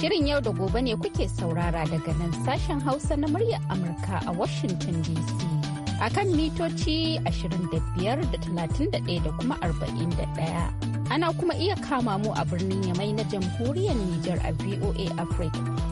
Shirin yau da gobe ne kuke saurara daga nan sashen Hausa na muryar Amurka a Washington DC. A kan mitoci 25.31 da da kuma 41. Ana kuma iya kama mu a birnin Yamai na jamhuriyar Nijar a VOA Africa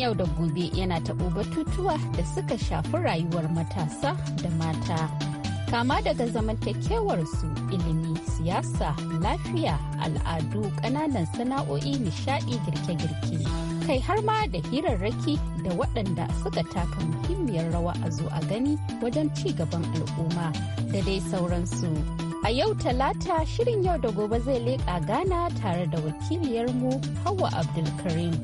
yau da gobe yana taɓo batutuwa da suka shafi rayuwar matasa da mata. Kama daga zamantakewarsu ilimi, siyasa, lafiya, al'adu, ƙananan sana'o'i, nishaɗi, girke-girke. Kai har ma da hirarraki da waɗanda suka taka muhimmiyar rawa a zo a gani wajen ci gaban al'umma da dai sauransu. A yau talata shirin yau da gobe zai leƙa gana tare da wakiliyarmu hawa Abdulkarim.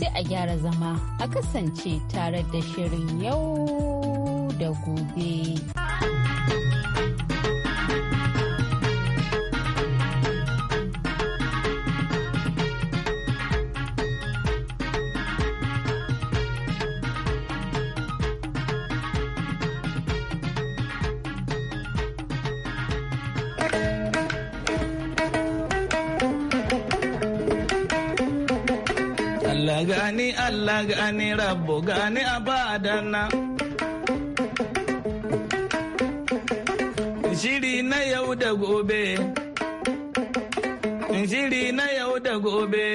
sai a gyara zama a kasance tare da shirin yau da gobe. gani Allah gani rabbo gani abadana Shiri na yau da gobe Shiri na yau da gobe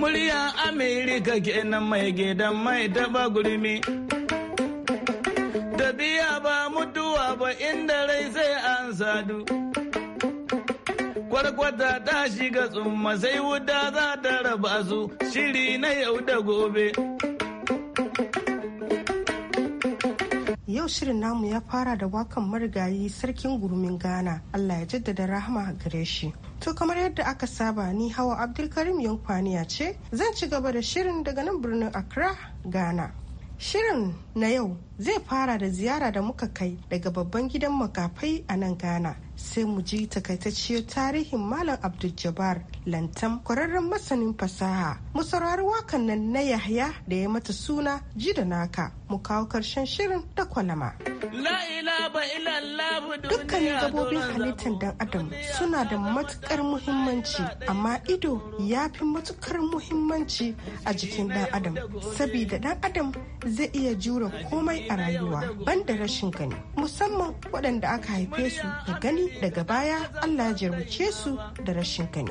Murya Amerika kenan mai gidan mai taba gurmi Dabiya ba mutuwa ba inda rai sai an sadu. kwarkwata ta shiga tsumma sai wuda za ta raba su shiri na yau da gobe. Yau shirin namu ya fara da wakan marigayi sarkin gurumin Ghana Allah ya jaddada rahama gare shi. To kamar yadda aka saba ni hawa Abdulkarim Yankwaniya ce zan ci gaba da shirin daga nan birnin Accra, Ghana. Shirin na yau zai fara da ziyara da muka kai daga babban gidan makafai a nan Ghana sai mu ji takaitacciyar tarihin Malam Abdul-Jabbar lantam kwararren masanin fasaha mu saurari wakan nan na yahya da ya mata suna ji da naka mu kawo karshen shirin da kwalama dukkanin gabobin halittar dan adam suna da matukar muhimmanci amma ido ya fi matukar muhimmanci a jikin dan adam sabida dan adam zai iya jure komai a rayuwa banda rashin gani musamman waɗanda aka haife su da gani daga baya allah ya jarwace su da rashin gani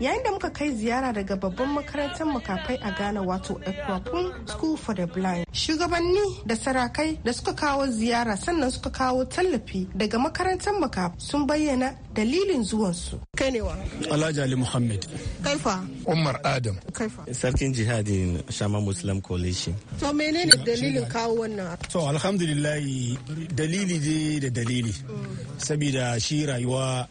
yayin da muka kai ziyara daga babban makarantar makafai a ghana wato ekwapun school for the blind shugabanni da sarakai da suka kawo ziyara sannan suka kawo tallafi daga makarantar makafai sun bayyana dalilin zuwansu kai ne wa alhaji ali muhammad kaifa umar adam kaifa sarkin jihadin shama muslim coalition to menene dalilin kawo wannan to alhamdulillah dalili dai da dalili mm. saboda shi rayuwa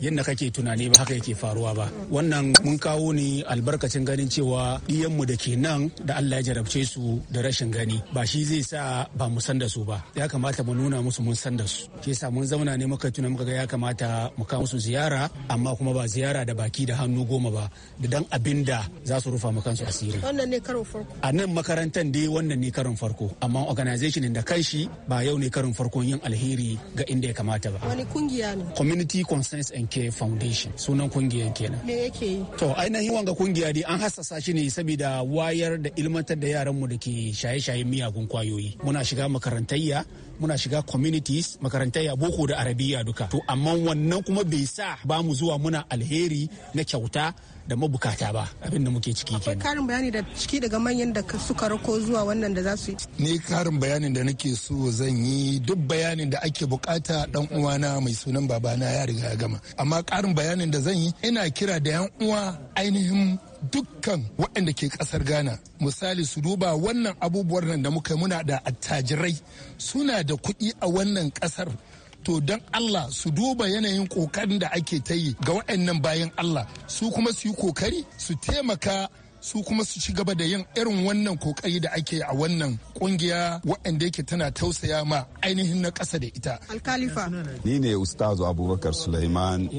yadda kake tunani ba haka yake faruwa ba wannan mun kawo ne albarkacin ganin cewa ɗiyanmu da ke nan da Allah ya jarabce su da rashin gani ba shi zai sa ba mu san da su ba ya kamata mu nuna musu mun san da su Ke sa mun zauna ne muka tuna muka ga ya kamata mu kawo musu ziyara amma kuma ba ziyara da baki da hannu goma ba da dan abin da za su rufa mu kansu asiri wannan ne karon farko a nan makarantar dai wannan ne karon farko amma organization da kanshi ba yau ne karon farkon yin alheri ga inda ya kamata ba wani kungiya ne community consensus and care foundation sunan kungiyar kenan yake yi to ainihin wanga kungiya dai an hassasa shi ne saboda wayar da ilmantar da yaran mu da ke shaye-shayen miyagun kwayoyi muna shiga makarantayya muna shiga communities makarantayya boko da arabiya duka to amma wannan kuma bai sa ba mu zuwa muna alheri na kyauta da mabukata ba abin da muke ciki kenan. karin bayani da ciki daga manyan da suka rako zuwa wannan da za su yi. Ni karin bayanin da nake so zan yi duk bayanin da ake bukata dan uwana mai sunan babana ya riga ya gama. Amma karin bayanin da zan yi ina kira da yan uwa ainihin dukkan waɗanda ke ƙasar ghana misali su duba wannan abubuwan nan da muka muna da attajirai suna da kuɗi a wannan ƙasar to don Allah su duba yanayin kokarin da ake ta yi ga waɗannan bayan Allah su kuma su yi kokari su taimaka su kuma su ci gaba da yin irin wannan kokari da ake a wannan kungiya waɗanda yake tana tausaya ma ainihin na ƙasa da ita. Alkalifa. Ni ne Ustazu Abubakar Sulaiman,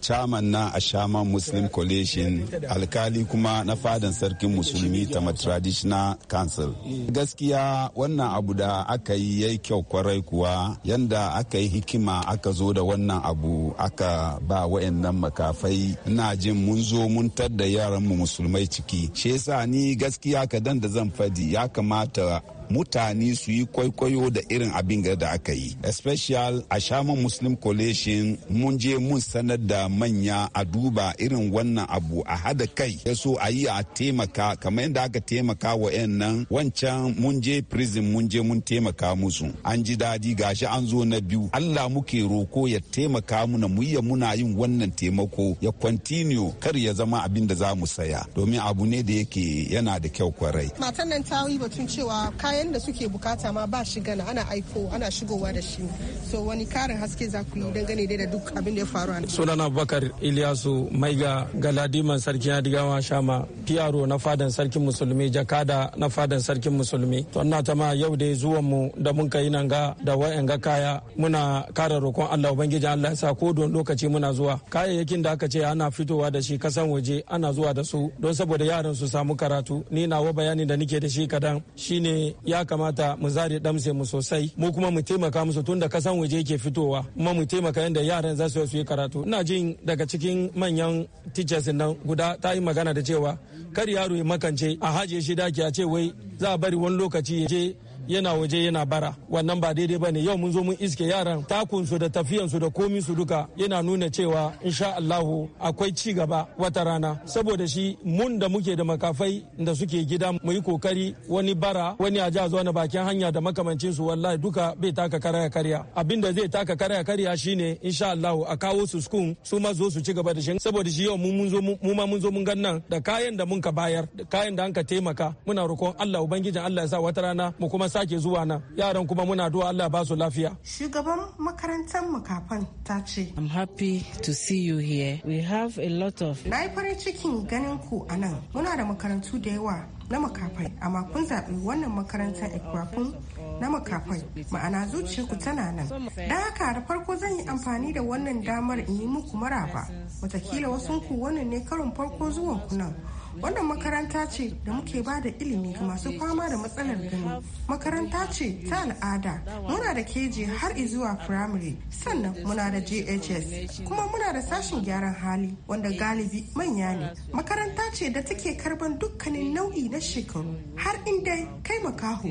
chairman na ashaman Muslim Coalition, alkali kuma na fadan sarkin musulmi ta Traditional Council. Gaskiya wannan abu da aka yi yai kyau kwarai kuwa yanda aka yi hikima aka zo da wannan abu aka ba wa'annan makafai ina jin mun zo mun tadda yaranmu musulmai ciki ce sa ni gaskiya kadan da zan fadi ya kamata mutane su yi kwaikwayo da irin abin da aka yi especially a shaman muslim coalition mun je mun sanar da manya a duba irin wannan abu a hada kai ya so a yi a taimaka kamar yadda aka taimaka wa nan wancan mun je prison mun je mun taimaka musu an ji daɗi gashi an zo na biyu allah muke roko ya taimaka muna mu ya muna yin wannan taimako ya continue kar ya zama abin da za mu saya domin abu ne da yake yana da kyau kwarai matan nan ta yi batun cewa kayan kayan da suke bukata ma ba shi gana ana aiko ana shigowa da shi so wani karin haske za ku yi dangane da duk abin da ya faru sunana bakar iliyasu maiga galadiman sarki digawa shama piyaro na fadan sarkin musulmi jakada na fadan sarkin musulmi to ina ta ma yau da zuwan mu da mun kai nan ga da wayan ga kaya muna kara roƙon Allah ubangiji Allah ya sa ko don lokaci muna zuwa kayayyakin da aka ce ana fitowa da shi kasan waje ana zuwa da su don saboda yaran su samu karatu ni nawa bayani da nike da shi kadan shine ya kamata mu zare damse mu sosai mu kuma mu taimaka musu tunda kasan waje yake fitowa kuma mu taimaka yadda yaran za su yi karatu ina jin daga cikin manyan teachers nan guda ta yi magana da cewa kar yaro ya makance a haje shi daki a ce wai za a bari wani lokaci ya je yana waje yana bara wannan ba daidai ba ne yau mun zo mun iske yaran takun su da su da komi su duka yana nuna cewa insha Allahu akwai ci gaba wata rana saboda shi mun da muke da makafai da suke gida mu yi kokari wani bara wani a zuwa na bakin hanya da makamancin su wallahi duka bai taka karaya karya abin da zai taka karaya karya shine insha Allahu a kawo su sukun su ma zo su ci gaba da shi saboda shi yau mun zo mu ma mun zo mun nan da kayan da mun ka bayar da kayan da an ka taimaka muna roƙon Allah ubangijin Allah ya sa wata rana mu kuma sake zuwa nan yaran kuma muna duwa Allah ba su lafiya shugaban makarantar makafan ta ce I'm happy to see you here we have a lot of na yi farin cikin ganin ku a nan muna da makarantu da yawa na makafai amma kun zaɓi wannan makarantar ikwafin na makafai ma'ana zuciya ku tana nan da haka da farko zan yi amfani da wannan damar in yi muku maraba watakila wasunku wannan ne karin farko zuwan ku nan Wannan makaranta ce da muke ba da ilimi ga masu fama da matsalar gani. Makaranta ce ta al'ada. Muna da keji har zuwa firamare sannan muna da JHS kuma muna da sashen gyaran hali wanda galibi manya ne. Makaranta ce da take karban dukkanin nau'i na shekaru har inda kai makaho.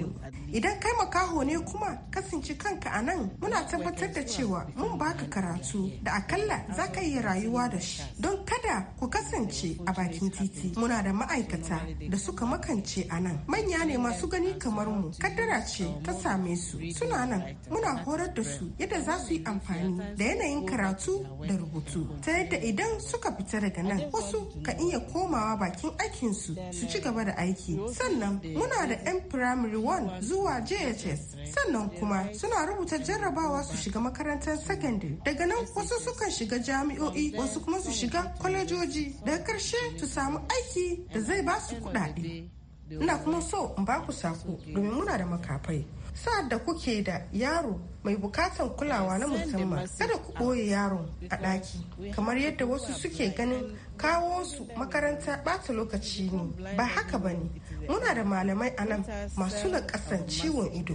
idan kai makaho ne kuma kasance kanka a nan muna tabbatar da cewa mun baka karatu da akalla za ka yi rayuwa da shi don kada ku kasance a bakin titi muna da ma'aikata da suka makance a nan manya ne masu gani kamar mu kaddara ce ta same su suna nan muna horar da su yadda za su yi amfani da yanayin karatu da rubutu ta yadda idan suka fita daga nan wasu ka iya komawa bakin aikinsu su ci gaba da aiki sannan muna da 'yan firamare 1 zuwa zuwa JHS sannan kuma suna rubuta jarrabawa su shiga makarantar sakandare daga nan wasu sukan shiga jami'o'i wasu kuma su shiga kwalejoji daga karshe su samu aiki da zai ba su kuɗaɗe. Ina kuma so in ba ku sako domin muna da makafai. sa'ad da kuke da yaro mai bukatan kulawa na musamman kada ku ɓoye yaro a ɗaki kamar yadda wasu suke ganin kawo su makaranta bata lokaci ne ba haka ba ne muna da malamai a nan masu naƙasan ciwon ido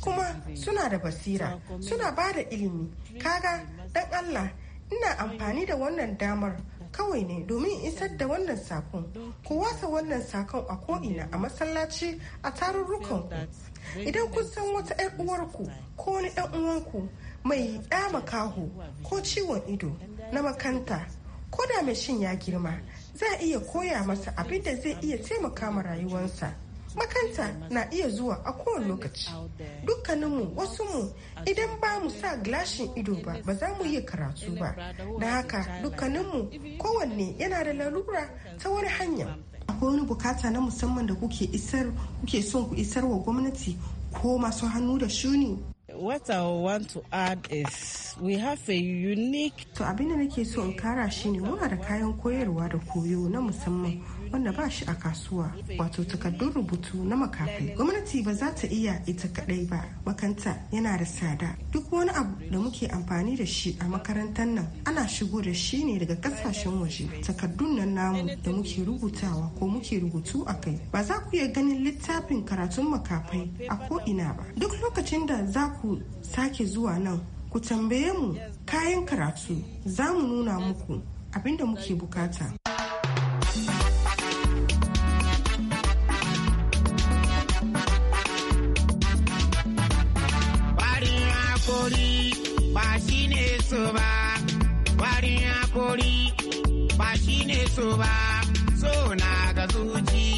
kuma suna da basira suna ba da ilimi kaga dan allah ina amfani da wannan damar kawai ne domin isar da wannan sakon ku wasa wannan sakon a ko'ina a masallaci a tarurrukan idan kun san wata 'yar uwarku ko wani 'yan uwanku mai ɗa makaho ko ciwon ido na makanta ko da mai shin ya girma za a iya koya masa abin da zai iya taimaka ma rayuwarsa makanta na iya zuwa a kowane lokaci dukkaninmu wasu mu idan ba mu sa gilashin ido ba ba za mu yi karatu ba da haka dukkaninmu kowanne yana da lalura ta wani hanya akwai wani bukata na musamman da kuke isar kuke son ku isar wa gwamnati ko masu hannu da shuni what i want to add is we have a unique to abin da nake so in kara shine muna da kayan koyarwa da koyo na musamman wanda ba shi a kasuwa wato takardun rubutu na makafai gwamnati ba za ta iya ita kadai ba makanta yana da tsada duk wani abu da muke amfani da shi a makarantar nan ana shigo da shi ne daga kasashen waje takardun nan namu da muke rubutawa ko muke rubutu a kai ba za ku iya ganin littafin karatun makafai a ko ina ba duk lokacin da za ku sake zuwa nan ku tambaye mu kayan karatu za mu nuna muku abinda muke bukata so ba so na ga zuciya.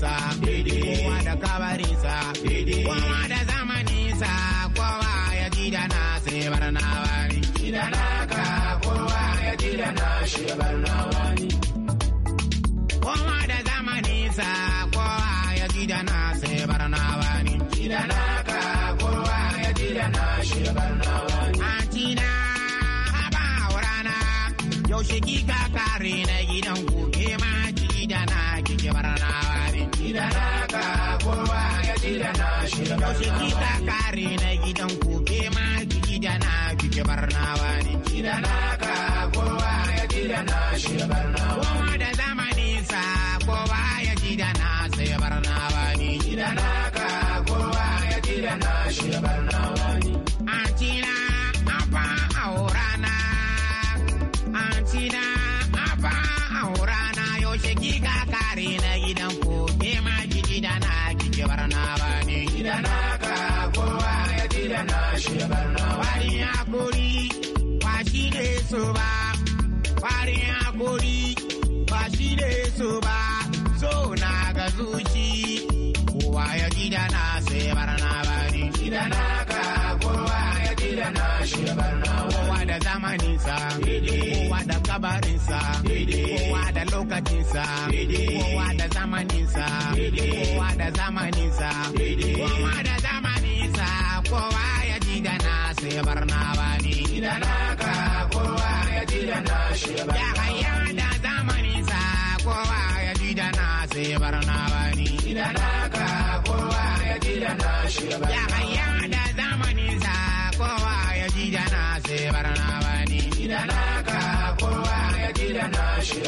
zamaninsa kowa da kabarinsa kowa da zamaninsa kowa ya gida na sai na wani gida na ka kowa ya gida na shi so ba farin hakori ba shi ne so ba so na ga zuci kowa ya gida na sai barna bari gida na ka kowa ya gida na shi barna kowa da sa, kowa da sa, kowa da lokacinsa kowa da zamaninsa kowa da zamaninsa kowa da zamaninsa kowa ya gida na sai barna bari gida na ya haya da zamani sa kowa ya ji da na sai barna bani da naka kowa ya ji da na shi ya da zamani sa kowa ya ji da na sai barna bani da naka kowa ya ji da na shi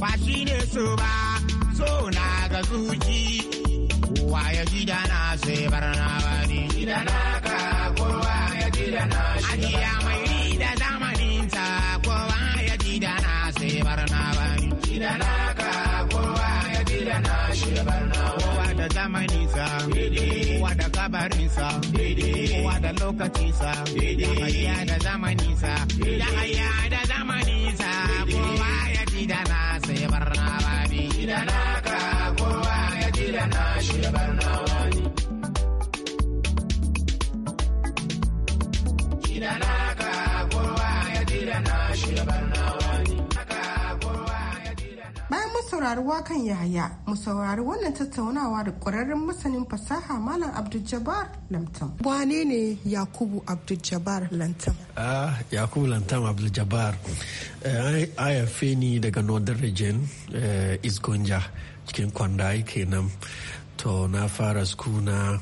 ba shi ne so ba so na ga zuci kowa ya ji da na sai barna ba ne gida na ka kowa ya ji da na shi ajiya mai ni da zamanin ta kowa ya ji da na sai barna ba ne gida na ka kowa ya ji da na shi barna kowa da zamaninsa kowa da kabarinsa kowa da sa, da haya da zamaninsa da haya da zamaninsa kowa ya ji da na kila naka kowa ya kila naka saurari kan yahaya mu saurari wannan tattaunawa da ƙwararren masanin fasaha malam abdul lantam wane ne yakubu abdul lantam ah yakubu lantam abdul jabbar eh, ni daga northern region isgonja eh, cikin kwandai kenan to na fara skuna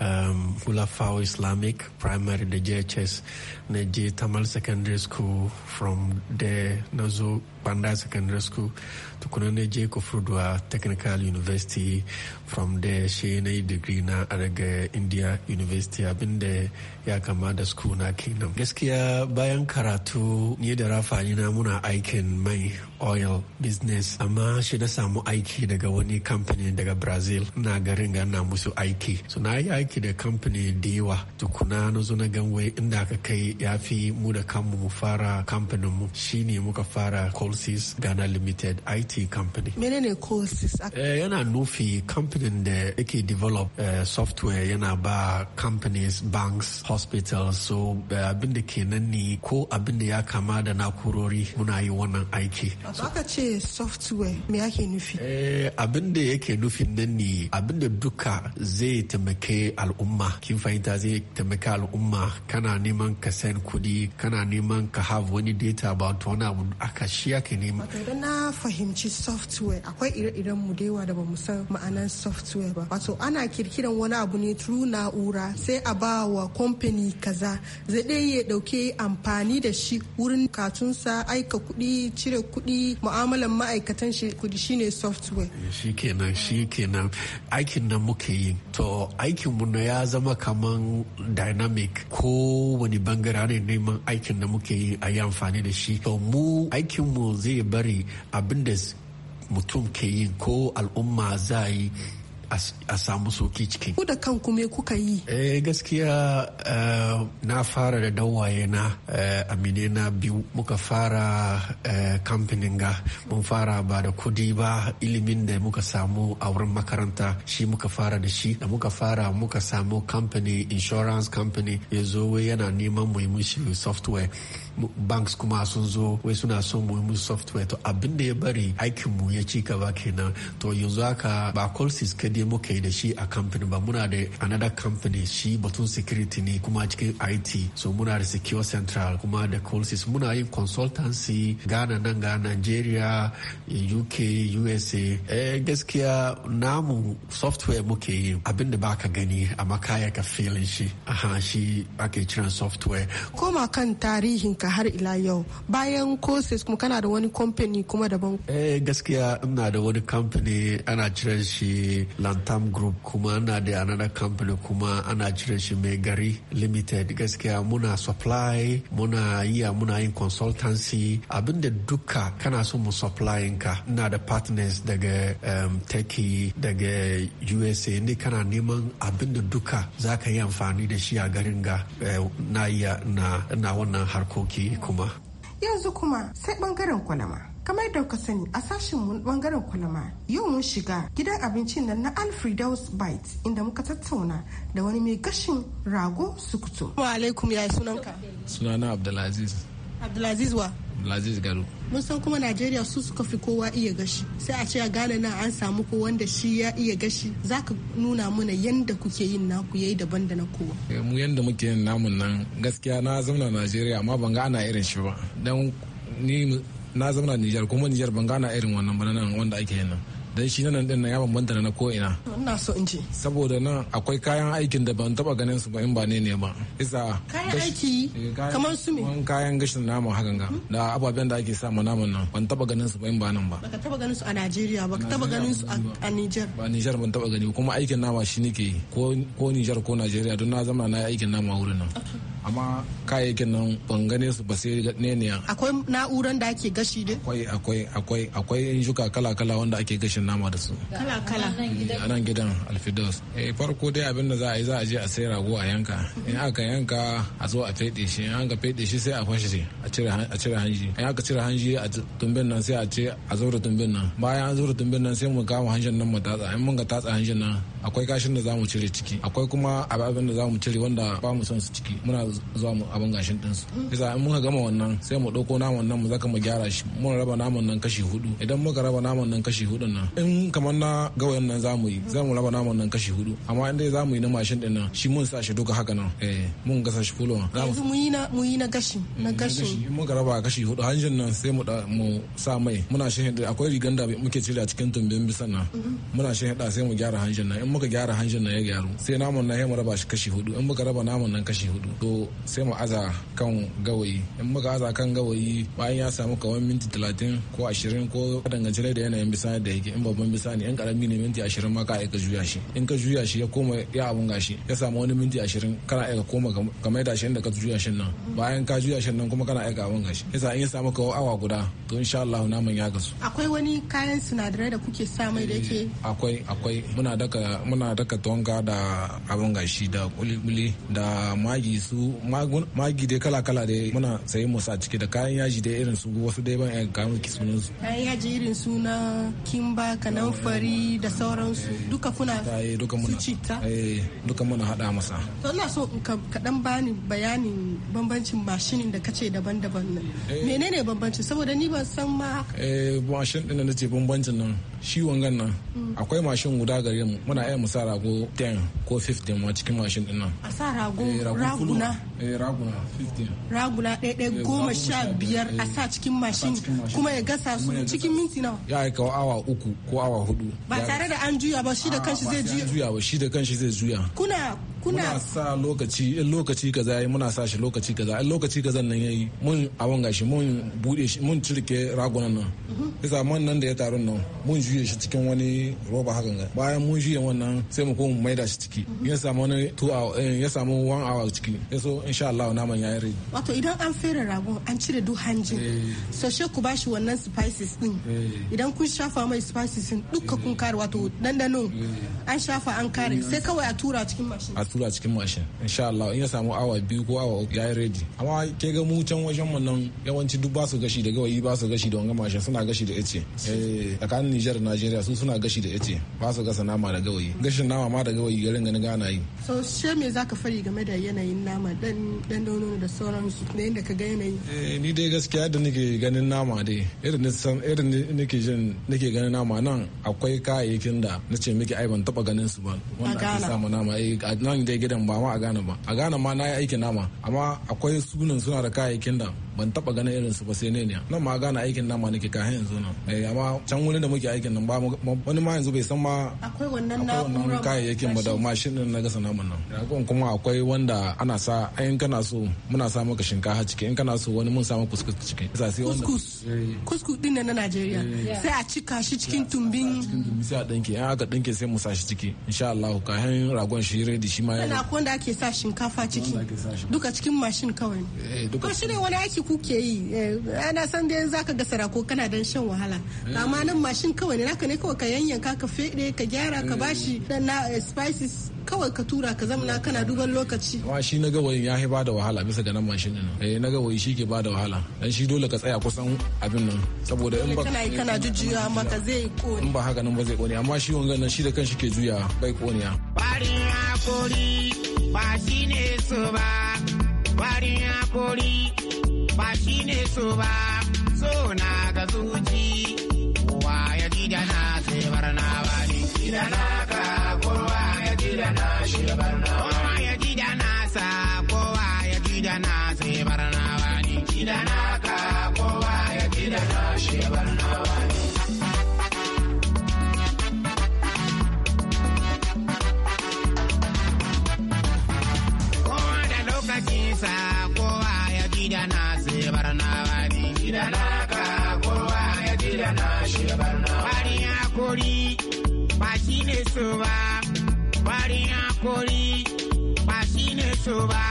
um, Hulafau Islamic Primary da JHS na je Tamal Secondary School from there na zo Panda Secondary School tukuna na je furduwa Technical University from there she na degree na daga India University abinda ya kama da school na kenan. Gaskiya bayan karatu ni da rafani na muna aikin mai oil business amma shi na samu aiki daga wani company daga Brazil na garin ga na musu aiki. So na yi aiki da company da yawa tukuna na zo na ganwe inda aka kai ya fi mu da kanmu mu fara kamfanin mu shine muka fara Colsys Ghana Limited IT Company. Menene Eh, yana nufi kamfanin da yake develop eh, software yana ba companies, banks, hospitals. So eh, abin da kenan ne ko abin da ya kama da na kurori muna yi wannan aiki. Aka ce software me yake nufi? Eh, abin da yake nufin nan ne abin da duka zai taimake al'umma. Kin fahimta zai taimake al'umma kana neman ka send kudi kana neman ka have wani data about wani abu aka shi ake nema. Wato idan na fahimci software akwai ire-iren mu da yawa da bamu san ma'anar software ba. Wato ana kirkiran wani abu ne through na'ura sai a ba wa company kaza zai ɗaya ya ɗauke amfani da shi wurin katunsa aika kuɗi cire kuɗi mu'amalan ma'aikatan shi kudi shine software. Eh, shi kenan shi kenan aikin nan muke yi. To aikin mu ya zama kaman dynamic ko wani bangare ne neman aikin da muke yi a yi amfani da shi. mu aikin mu zai bari abin da mutum ke yi ko al'umma za yi a samu soki cikin. Ku da kan kuma kuka yi? Eh gaskiya eh, na fara da dawaye na eh, amine na biyu muka fara eh, kamfanin ga mun fara ba da kudi ba ilimin da muka samu a wurin makaranta shi muka fara da shi da muka fara muka samu kamfani insurance company ya zo yana neman muhimmin software banks kuma sun zo wai suna son mu mu software to abin da ya bari aikin mu ya ci gaba kenan to yanzu haka ba courses kadai muka yi da shi a company ba muna da another company shi batun security ne kuma cikin IT so muna da secure central kuma da courses muna yin consultancy Ghana nan ga Nigeria UK USA eh gaskiya namu software muke yi abin da baka gani amma kaya ka filin shi aha shi ake kiran software koma kan tarihin ka har ila yau bayan courses kuma kana da wani company kuma daban eh gaskiya ina da wani company ana jiran shi lantam group kuma ana da another company kuma ana jiran shi mai gari limited gaskiya muna supply muna iya muna yin consultancy abinda duka kana so mu supply ka ina da partners daga um, turkey daga usa ne kana neman abinda duka za ka yi amfani da shi a garin ga eh, na iya na wannan harkoki ke kuma yanzu kuma sai bangaren kwalama kamar da ka sani a sashen mun bangaren kwalama yau mun shiga gidan abincin nan na alfredos bites inda muka tattauna da wani mai gashin rago sukuto wa alaikum ya sunanka sunana abdulaziz abdulaziz wa Lazis Garo. Mun san kuma Najeriya su suka fi kowa iya gashi. Sai a ce a Ghana nan an samu ko wanda shi ya iya gashi. Za ka nuna mana yanda kuke yin naku yayi daban da na kowa. Eh, mu yanda muke yin namun nan gaskiya na zauna Najeriya amma ban ga ana irin shi ba. Dan ni na zauna Nijar kuma Nijar ban ga ana irin wannan ba nan wanda ake yin nan. dan shi nan din ya bambanta da na ko ina ina so in ji saboda nan akwai kayan aikin da ban taba ganin su ba in ba ne ne ba isa kayan aiki eh, kamar su me kayan gashin nama hakan ga da ababen da ake sa ma naman nan ban taba ganin su ba in ba nan ba baka taba ganin su a Najeriya ba ka taba ganin su a Niger ba Niger ban taba gani kuma aikin nama shi nake ko ko Niger ko Najeriya don na zama na aikin nama wurin nan amma kayayyakin nan ban gane su ba sai ne ne akwai na'uran da ake gashi da akwai akwai akwai akwai shuka kala kala wanda ake gashin nama da su kala kala a nan gidan alfidos eh farko dai abin da za a yi za a je a sai rago a yanka in aka yanka a zo a fede shi in aka fede shi sai a fashe a cire a cire hanji in aka cire hanji a tumbin nan sai a ce a zo da tumbin nan bayan an zo da tumbin nan sai mu kama hanjin nan mu tatsa in mun ga tatsa hanjin nan akwai gashin da za mu cire ciki akwai kuma abin da za mu cire wanda ba mu son su ciki muna zuwa mu abin gashin din su kisa in muka gama wannan sai mu dauko naman nan mu zaka mu gyara shi mu raba naman nan kashi hudu idan muka raba naman nan kashi hudu nan in kamar na gawayin nan zamu yi zamu raba naman nan kashi hudu amma in dai zamu yi na mashin din nan shi mun sa shi duka haka nan eh mun gasa shi fulo yanzu mu yi na mu yi na gashi na gashi mun ga raba kashi hudu hanjin nan sai mu mu sa mai muna shi akwai rigan da muke cire a cikin tumbin bisan nan mm-hmm. muna shi hidda sai mu gyara hanjin nan in muka gyara hanjin nan ya gyaru sai naman nan ya mu raba shi kashi hudu in muka raba naman nan kashi hudu to sai mu aza kan gawayi in muka aza kan gawayi bayan ya samu kawai minti talatin ko ashirin ko dangance da yanayin bisa da yake in babban bisa ne in karami ne minti ashirin ma ka aika juya shi in ka juya shi ya koma ya abun gashi ya samu wani minti ashirin kana aika koma kamar da ashirin da ka juya shi nan bayan ka juya shi nan kuma kana aika abun gashi yasa in ya samu kawai awa guda to insha Allah naman ya gasu akwai wani kayan sinadarai da kuke sa mai da yake eh, akwai akwai muna daka muna daka tonga da abun gashi da kuli da magi su magi dai kala-kala dai muna sayi musu a ciki da kayan yaji dai irin su wasu dai ban yan kayan ki sunan su. Kayan yaji irin su na kimba, kanamfari da sauransu duka kuna su eh, cita. duka muna eh, hada masa. To ina so kaɗan bani bayanin bambancin mashinin da kace daban-daban nan. Eh. Menene bambancin saboda ni ban san ma. Eh mashin ɗin da nace bambancin nan shi wangan nan akwai mashin guda gare mu muna iya musa rago 10 ko 15 ma cikin mashin din nan a sa rago eh, raguna eh raguna 15 raguna ɗaya ɗaya eh, goma sha biyar eh, a sa cikin mashin kuma ya gasa su cikin minti nawa ya aika awa uku ko awa hudu ba tare da an juya ba shi da kanshi zai juya ba shi da kanshi zai juya kuna kuna sa lokaci in lokaci kaza yayi muna sa shi lokaci kaza in lokaci kaza nan yayi mun a wanga shi mun bude shi mun cirke ragunan nan mhm. bisa man nan da ya taru nan mun juye shi cikin wani roba hakan ga bayan mun juye wannan sai mu koma maida shi ciki mhm. ya samu wani 2 hour eh, ya samu 1 hour ciki yaso insha Allah naman yayi rai wato idan an fere ragon an cire duk hanjin eh. so she ku bashi wannan spices din eh. idan kun shafa mai spices din duka kun kare wato dandanon an shafa an kare mm. sai kawai a tura cikin mashin tura cikin mashin insha Allah in ya samu awa biyu ko awa uku yayi ready amma ke ga mu can wajen mu nan yawanci duk ba su gashi da gawayi ba su gashi da wanga mashin suna gashi da ice eh tsakanin Niger da Nigeria su suna gashi da ice ba su gasa nama da gawayi gashin nama ma da gawayi garin ganin gana yi so she me zaka fari game da yanayin nama dan dan dono da sauran su ne inda ka ga yanayi eh ni dai gaskiya da nake ganin nama dai irin san irin nake jin nake ganin nama nan akwai kayayyakin da nace miki ai ban taba ganin su ba wanda ake samu nama eh nan dai gidan ba ma a Ghana ba a Ghana ma na yi aikin nama amma akwai sunan suna da kayayyakin da ban taba ganin irin su ba sai ne nan ma gane aikin nan ma nake ka yanzu nan eh, amma can wurin da muke aikin nan ba wani ma yanzu bai san ma akwai wannan na'urar kayayyakin ba da mashin din na gasa namun nan ragon kuma akwai wanda ana sa ayin kana so muna sa maka shinkafa ciki in kana so wani mun sa maka kuskus ciki kuskus eh. kuskus din na Najeriya eh. sai a cika shi cikin tumbin sai a dinke in aka dinke sai mu sa shi ciki insha Allah hin ragon shi ready shi ma yana akwai wanda ake sa shinkafa ciki duka cikin mashin kawai duka shi ne wani aiki ki kuke yi eh, ana san dai zaka ga sarako kana dan shan wahala eh. amma nan mashin kawai ne naka ne kawai ka yanyanka ka fede ka gyara ka eh. bashi na spices kawai ka tura ka zamana kana duban lokaci wa shi na gawayin ya ba da wahala bisa ga nan mashin din eh na gawayi shi ke ba da wahala dan shi dole ka tsaya kusan abin nan saboda in ba kana kana jujjuya maka zai kone in ba haka nan ba zai kone amma shi wanga nan shi da kanshi ke juya bai kone ya barin hakuri ba shi ne ba barin hakuri ne so ba so na ga zuci kowa ya ji da na sai barna ba ni gidana so ba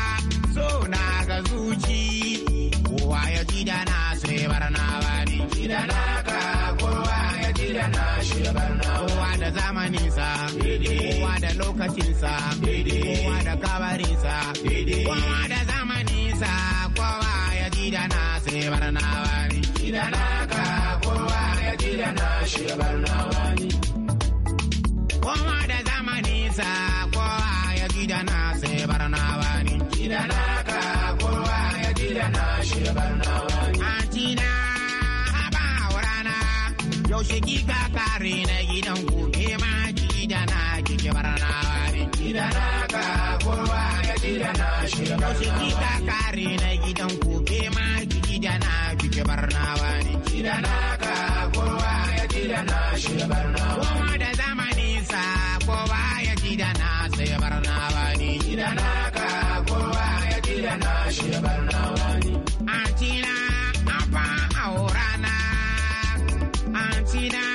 so na ga zuci kowa ya ji da na sai barna ba ni ji da na ka kowa ya ji da na shi da barna kowa da sa, kowa da sa, kowa da kabarinsa kowa da zamaninsa kowa ya ji da na sai barna ba ni ji da na ka kowa ya ji da na shi da barna yaushe ka kare na gidan gobe ma gida na kike barna gida na ka kowa ga gida na shi yaushe ka kare na gidan gobe ma gida na kike barna gida na now.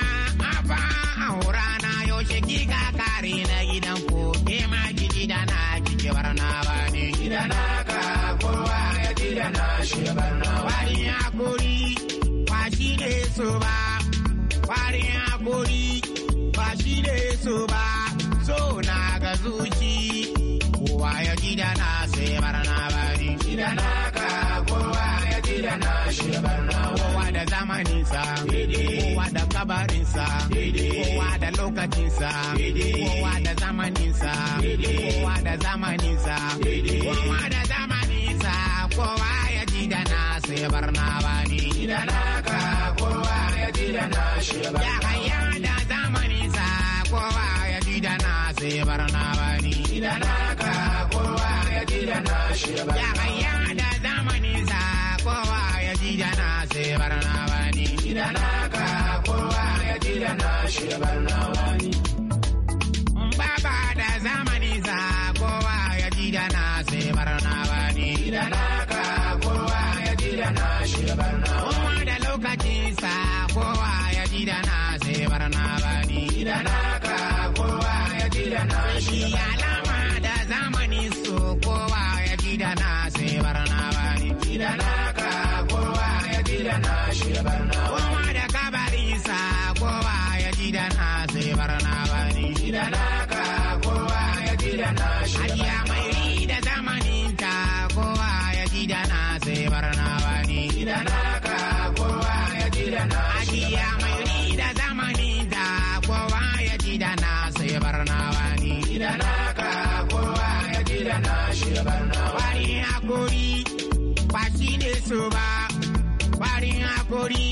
da lokacinsa kowa da zamaninsa kowa da zamaninsa kowa da zamaninsa kowa ya ji da nasa ya bar na bani da naka kowa ya ji da nashi ya bar ya haya da zamaninsa kowa ya ji da nasa ya bar na bani da naka kowa ya ji da nashi ya bar ya haya da zamaninsa kowa ya ji da nasa ya bar na bani da naka na shi ya akori ba shi ne so ba farin hakori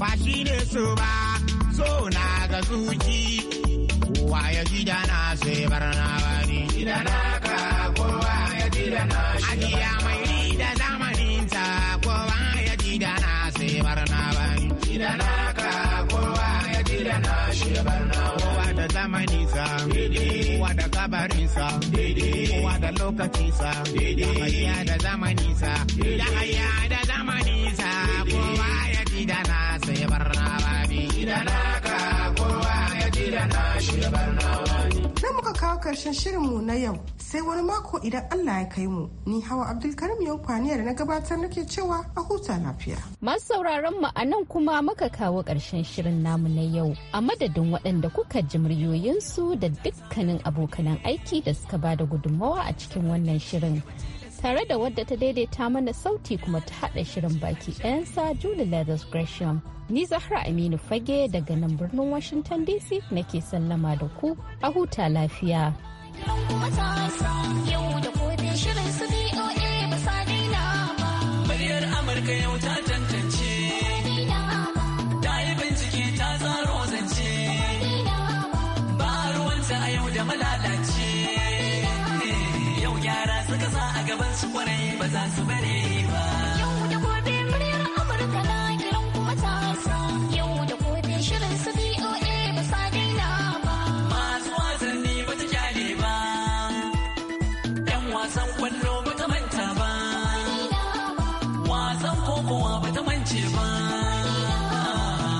ba ne so so na ga zuci wa ya jida na sai barna bani jida na ka kowa ya jida na shi ajiya mai rida zamanin ta kowa ya jida na sai barna bani jida na da zamaninsa kowa da kabarinsa kowa da lokacinsa yahaya da zamaninsa yahaya da zamaninsa kowa ya ji da nasa ya bar na ji da naka kowa ya ji da nashi ya bar na kawo karshen shirinmu na yau sai wani mako idan Allah ya kai mu. Ni hawa Abdulkarim yau da na gabatar nake cewa a huta lafiya. Masu sauraron mu a nan kuma muka kawo karshen shirin namu na yau. A madadin waɗanda kuka ji muryoyinsu da dukkanin abokanan aiki da suka bada gudunmawa a cikin wannan shirin. tare da wadda ta daidaita mana sauti kuma ta haɗa shirin baki ɗayansa Julie Leathers Gresham. Ni Zahra Aminu Fage daga nan birnin Washington DC nake sallama da ku a huta lafiya. Amurka yau ta